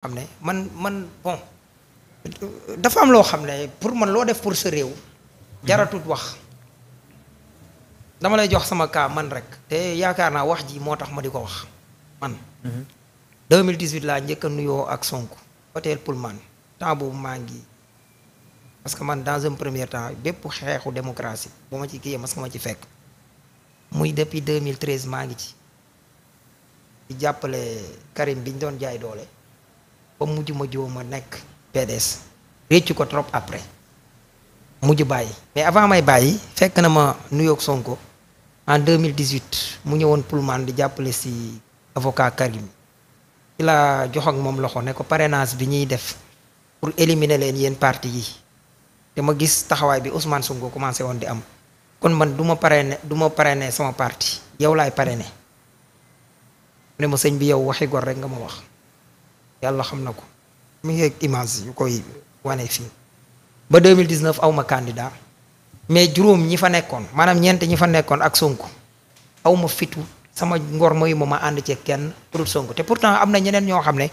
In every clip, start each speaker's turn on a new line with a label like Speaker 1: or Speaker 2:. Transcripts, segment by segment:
Speaker 1: xam ne man man bon dafa am loo xam ne pour man loo def pour sa réew jaratut wax dama lay jox sama cas man rek te yaakaar naa wax ji moo tax ma di ko wax man 2018 mhm. laa njëkk a nuyoo ak Sonko hôtel Pullman temps boobu maa ngi parce que man dans un premier temps bépp xeexu démocratie bu ma ci ki mas nga ma ci fekk muy depuis 2013 maa ngi ci jàppale Karim bi ñu doon jaay doole ba mujj ma jiw ma nekk PDS réccu ko trop après mujj bàyyi mais avant may bàyyi fekk na ma nuyoog Sonko en 2018 mu ñëwoon Pullman di jàppale si avocat Karim ci laa jox moom loxo ne ko parrainage bi ñuy def pour éliminer leen yéen parti yi te ma gis taxawaay bi Ousmane songo commencé woon di am kon man du ma parrainé du ma parrainé sama parti yow laay parrainé mu ne ma sëñ bi yow waxi gor rek nga ma wax. yàlla xam na ko mu ngi image yu koy wane fii ba 2019 awma candidat mais juróom ñi fa nekkoon maanaam ñeent ñi fa nekkoon ak Sonko awma fitu sama ngor mooy ma ànd ci kenn pour Sonko te pourtant am na ñeneen ñoo xam ne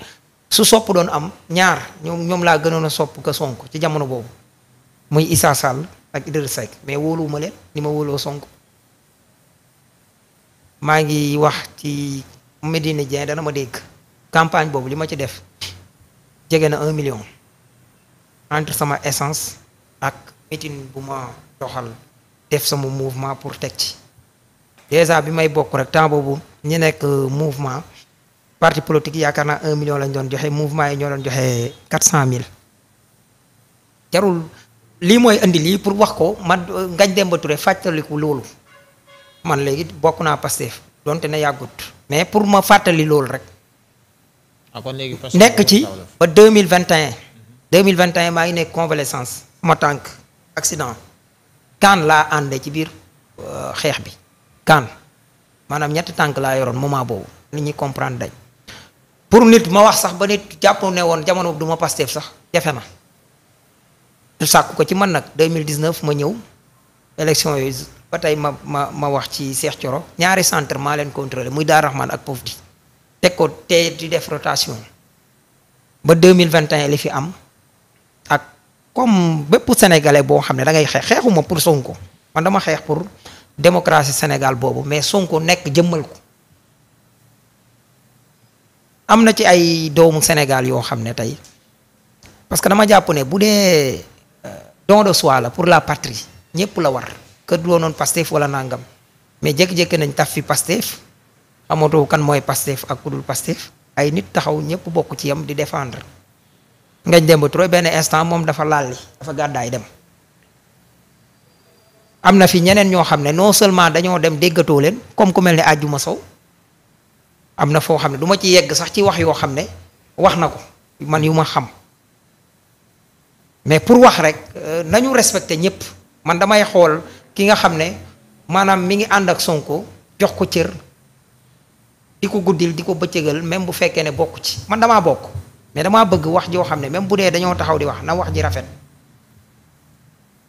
Speaker 1: su sopp doon am ñaar ñoom ñoom laa gënoon a sopp ko Sonko ci jamono boobu muy Issa Sall ak Idrissa Seck mais wóoluwuma leen ni ma wóoloo Sonko maa ngi wax ci médine Dieng dana ma dégg campagne boobu li ma ci def jege na un million entre sama essence ak meeting bu ma doxal def sama mouvement pour teg ci déjà bi may bokk rek temps boobu ñu nekk euh, mouvement parti politique yaakaar naa un million lañ doon joxe mouvement yi ñoo doon joxe quatre cent mille jarul lii mooy indi lii pour wax ko man euh, Ngagne Demba Touré fàttaliku loolu man léegi bokk naa Pastef donte ne yàggut mais pour ma fàttali loolu rek. Ah, nekk ci ba deux mille vingt et un deux mille vingt et un maa ngi nekk convalescence ma tànk accident kaan laa ànd ci biir euh, xeex bi kaan maanaam ñetti tànk laa yoroon moment boobu nit ñi comprendre dañ pour nit ma wax sax ba nit jàpp ne woon jamono du ma Pastef sax jafe na sàkku ko ci man nag 2019 ma ñëw élection yooyu ba tey ma ma ma wax ci Cheikh Thioro ñaari centre maa leen contrôlé muy Daar Rahman ak Pofdy teg ko te di def rotation ba deux mille vingt et li fi am ak comme bépp sénégalais boo xam ne dangay ngay xeexuma pour Sonko man dama xeex pour démocratie Sénégal boobu mais Sonko nekk jëmmal ko am na ci ay doomu Sénégal yoo xam ne tey parce que dama jàpp ne bu dee euh, don de soi la pour la patrie ñëpp la war que du doonoon Pastef wala nangam mais jékki-jékki nañ taf fi Pastef amatoo kan mooy Pastef ak ku dul Pastef ay nit taxaw ñëpp bokk ci yam di défendre ngañ dem ba trop benn instant moom dafa laal dafa gàddaay dem. am na fi ñeneen ñoo xam ne non seulement dañoo dem déggatoo leen comme ku mel ni àjjuma sow am na foo xam ne du ci yegg sax ci wax yoo xam ne wax na ko man yu ma xam mais pour wax rek euh, nañu respecté ñëpp man damay xool ki nga xam ne maanaam mi ngi ànd ak Sonko jox ko cër. di ko guddil di ko bëccëgal même bu fekkee ne bokk ci man dama bokk mais damaa bëgg wax joo xam ne même bu dee dañoo taxaw di wax na wax ji rafet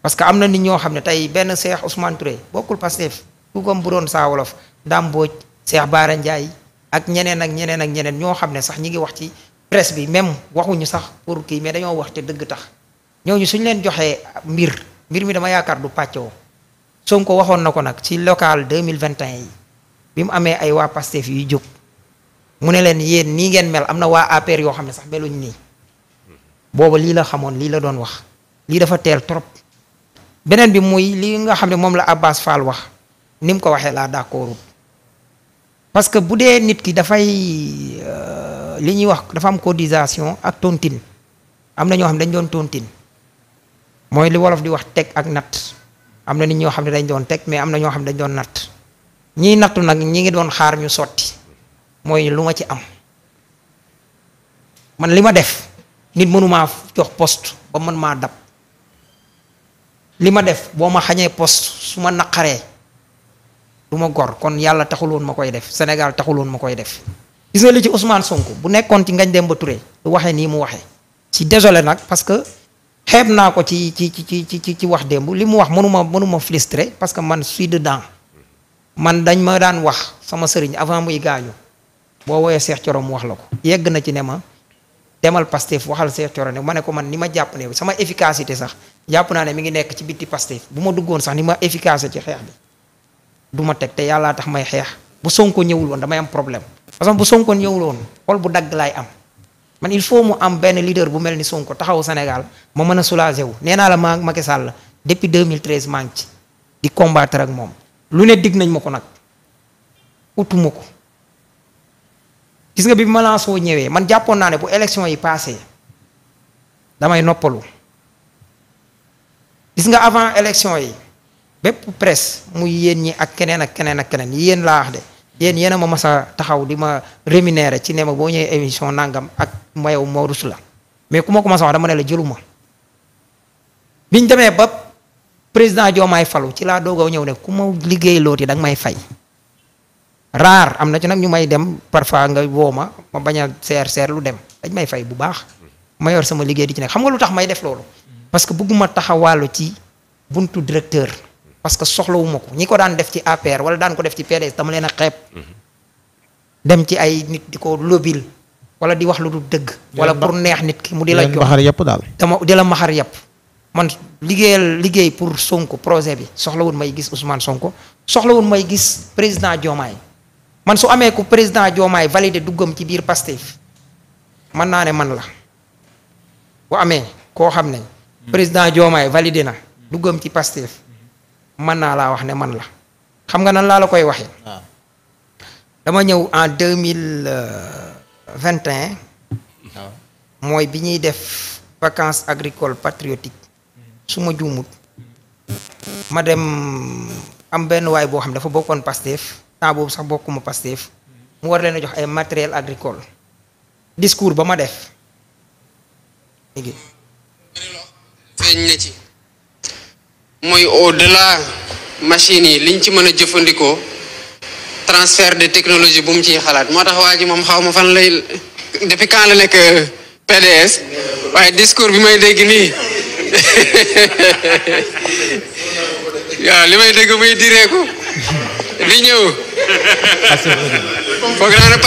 Speaker 1: parce que am na nit ñoo xam ne tey benn Cheikh Ousmane Touré bokkul Pastef ku comme bu doon Saa Wolof Dame Mbodj Cheikh ak ñeneen ak ñeneen ak ñeneen ñoo xam ne sax ñi ngi wax ci presse bi même waxuñu sax pour kii mais dañoo wax te dëgg tax ñooñu suñ leen joxee mbir mbir mi dama yaakaar du pàccoo Sonko waxoon na ko nag ci local 2021 yi bi mu amee ay waa Pastef yuy jóg mu ne leen yéen nii ngeen mel am na waa APR yoo xam ne sax meluñ nii booba lii la xamoon lii la doon wax lii dafa teel trop beneen bi muy li nga xam ne moom la Abbas Fall wax ni mu ko waxee laa d'accord parce que bu dee nit ki dafay euh, li ñuy wax dafa am codisation ak tontine am na ñoo xam ne dañ doon tontine mooy li wolof di wax teg ak natt am na nit ñoo xam ne dañ doon teg mais am na ñoo xam ne dañ doon natt ñi nattu nag ñi ngi doon xaar ñu sotti mooy lu ma ci am man li ma def nit mënumaa jox post ba man maa dab li ma def boo ma xañee post su ma naqaree du ma gor kon yàlla loon ma koy def Sénégal taxuloon ma koy def gis li ci Ousmane Sonko bu nekkoon ci Ngagne Demba Touré du waxee nii mu waxee ci désolé nag parce que xeeb naa ko ci ci ci ci ci wax démb li mu wax mënuma mënuma frustré parce que man suis dedans man dañ ma daan wax sama sëriñ avant muy gaañu boo woowee Cheikh Thioro mu wax la ko yegg na ci ne ma demal Pastef waxal Cheikh Thioro ne ma ne ko man ni ma jàpp ne sama efficacité sax jàpp naa ne mi ngi nekk ci bitti Pastef bu ma duggoon sax ni ma efficacité ci xeex bi du ma teg te yàllaa tax may xeex bu Sonko ñëwul woon damay am problème parce que bu Sonko ñëwul woon xol bu dagg laay am man il faut mu am benn leader bu mel ni Sonko taxaw Sénégal ma mën a soulager wu nee naa la maa Macky Sall depuis 2013 maa ngi ci di combattre ak moom lu ne dig nañ ma ko nag utuma ko gis nga bi Mélenchon ñëwee man jàppoon naa ne bu élection yi passé damay noppalu gis nga avant élection yi bépp presse muy yéen ñi ak keneen ak keneen ak keneen yéen laa wax de yéen yéen ma mas a taxaw di ma rémunérer ci ne ma boo ñëwee émission nangam ak mayow moo rus la mais ku ma ko mas wax dama ne la jëluma biñ demee ba président Diomaye falu ci laa doogaw ñëw ne ku ma liggéey looti da nga may fay raar am na ci nag ñu may dem parfois nga woo ma ma bañ a seer seer lu dem dañ may fay bu baax ma yor sama liggéey di ci nekk xam nga lu tax may def loolu parce que bëgguma taxawaalu ci buntu directeur parce que soxlawuma ko ñi ko daan def ci APR wala daan ko def ci PDS dama leen a xeeb dem ci ay nit di ko lobil wala di wax lu du dëgg wala pour neex nit ki mu di la jox dama di la maxar yàpp man liggéeyal liggéey pour Sonko projet bi soxlawul may gis Ousmane Sonko soxlawul may gis président Diomaye man su amee ku président Diomaye validé duggam ci biir Pastef mën naa ne man la bu amee koo xam ne président Diomaye validé na duggam ci Pastef mën naa laa wax ne man la xam nga nan laa la koy waxee ah. dama ñëw en deux mille vingt et un ah. mooy bi ñuy def vacances agricoles patriotiques su ma juumut ma dem am benn waay boo xam dafa bokkoon Pastef temps boobu sax bokkuma Pastef mu war leen a jox ay matériel agricole discours ba ma def feeñ na ci mooy au la machines yi liñ ci mën a jëfandikoo transfert de technologie bu mu ciy xalaat moo tax waa ji moom xaw ma fan lay depuis quand la nekk PDS waaye discours bi may dégg nii waaw li may dégg muy direeku di ñëw foog naa ne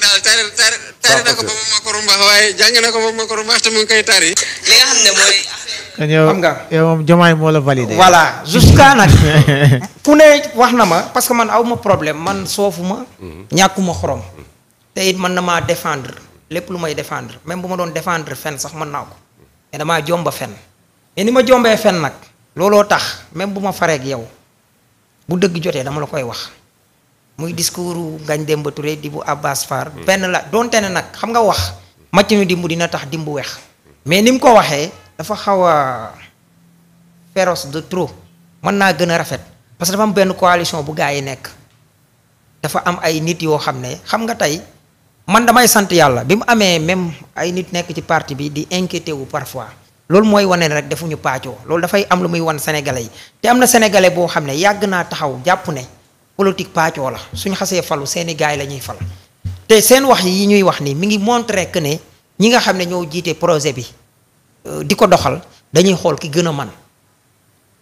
Speaker 1: daal tari na ko ba mu makaru mbaax waaye jàng na ko ba mu makaru mbaax te mu ngi koy tari li nga xam ne mooy xam moo la validé voilà jusqu'à nag ku ne wax na ma parce que man aw ma problème man soofu ma mhm. ñàkkuma xorom te man na maa défendre lépp lu may défendre même bu ma doon défendre fen sax mën naa ko mais damaa jomba fen mais ni ma jombee fen nag looloo tax même bu ma fareeg yow bu dëgg jotee dama la koy wax muy discours Ngagne Demba Touré di bu Abbas Fall hmm. benn la donte ne nag xam nga wax màccinu dimbu dina tax dimbu weex mais ni mu ko waxee dafa xaw a féroce de trop mën naa gën a rafet parce que dafa am benn coalition bu gaa yi nekk dafa am ay nit yoo xam ne xam nga tey man damay sant yàlla bi mu amee même ay nit nekk ci parti bi di inquiété wu parfois loolu mooy wane ne rek defuñu paacoo loolu dafay am lu muy wan sénégalais yi te am na sénégalais boo xam ne yàgg naa taxaw jàpp ne politique paacoo la suñ xasee falu seeni gaay la ñuy fal te seen wax yi ñuy wax nii mi ngi montré que ne ñi nga xam ne ñoo jiite projet bi euh, di ko doxal dañuy xool ki gën a man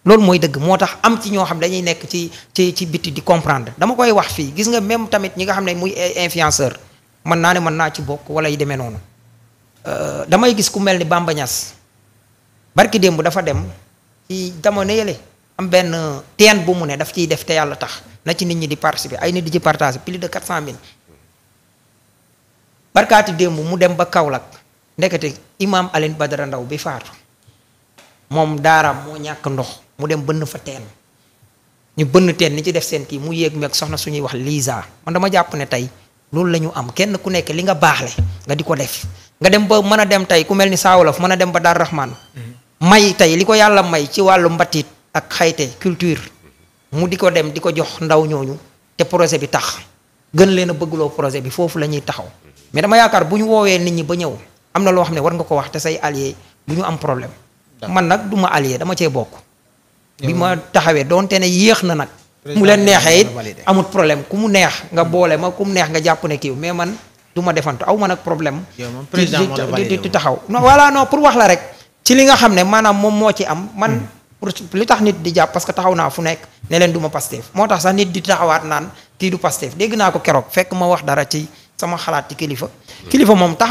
Speaker 1: loolu mooy dëgg moo tax am ci ñoo xam dañuy nekk ci ci ci bitt di comprendre dama koy wax fii gis nga même tamit ñi nga xam ne muy influenceur mën naa ne mën naa ci bokk wala yi demee noonu euh, damay gis ku mel ni Bamba Niass barki démb dafa dem ci jamono yële am benn teen bu mu ne daf ciy def te yàlla tax na ci nit ñi di participer ay nit di ci partager plus de 400000 barkaati démb mu dem ba kaw Kaolack ndekete imaam Alioune Badara Ndaw bi faatu moom daaraam moo ñàkk ndox mu dem bënn fa teen ñu bënn teen ni ci def seen kii mu yéeg meeg soxna suñuy wax Lisa man dama jàpp ne tey. loolu la ñu am kenn ku nekk li nga baax baaxle nga di ko def nga dem ba mën a dem tey ku mel ni saawolof mën a dem ba daar raxmaan mm-hmm. may tey li ko yàlla may ci wàllu mbatit ak xayte culture mu di ko dem di ko jox ndaw ñooñu te projet bi tax gën leen bëgguloo projet bi foofu la ñuy taxaw mm-hmm. mais dama yaakaar bu ñu woowee nit ñi ba ñëw am na loo xam ne war nga ko wax te say allié bu ñu am problème man nag du ma allié dama cee bokk bi ma taxawee doonte ne yéex na nag mu leen neexee it amut problème ku mu neex nga boole ma ku mu neex nga jàpp ne kii mais man du ma defantu aw ma nag problème. di taxaw non voilà non pour wax la rek. ci li nga xam ne maanaam moom moo ci am man. Hmm. pour li tax nit di jàpp parce que taxaw naa fu nekk ne leen du ma Pastef moo tax sax nit di taxawaat naan kii du Pastef dégg naa ko keroog fekk ma wax dara ci sama xalaat ci kilifa. kilifa moom tax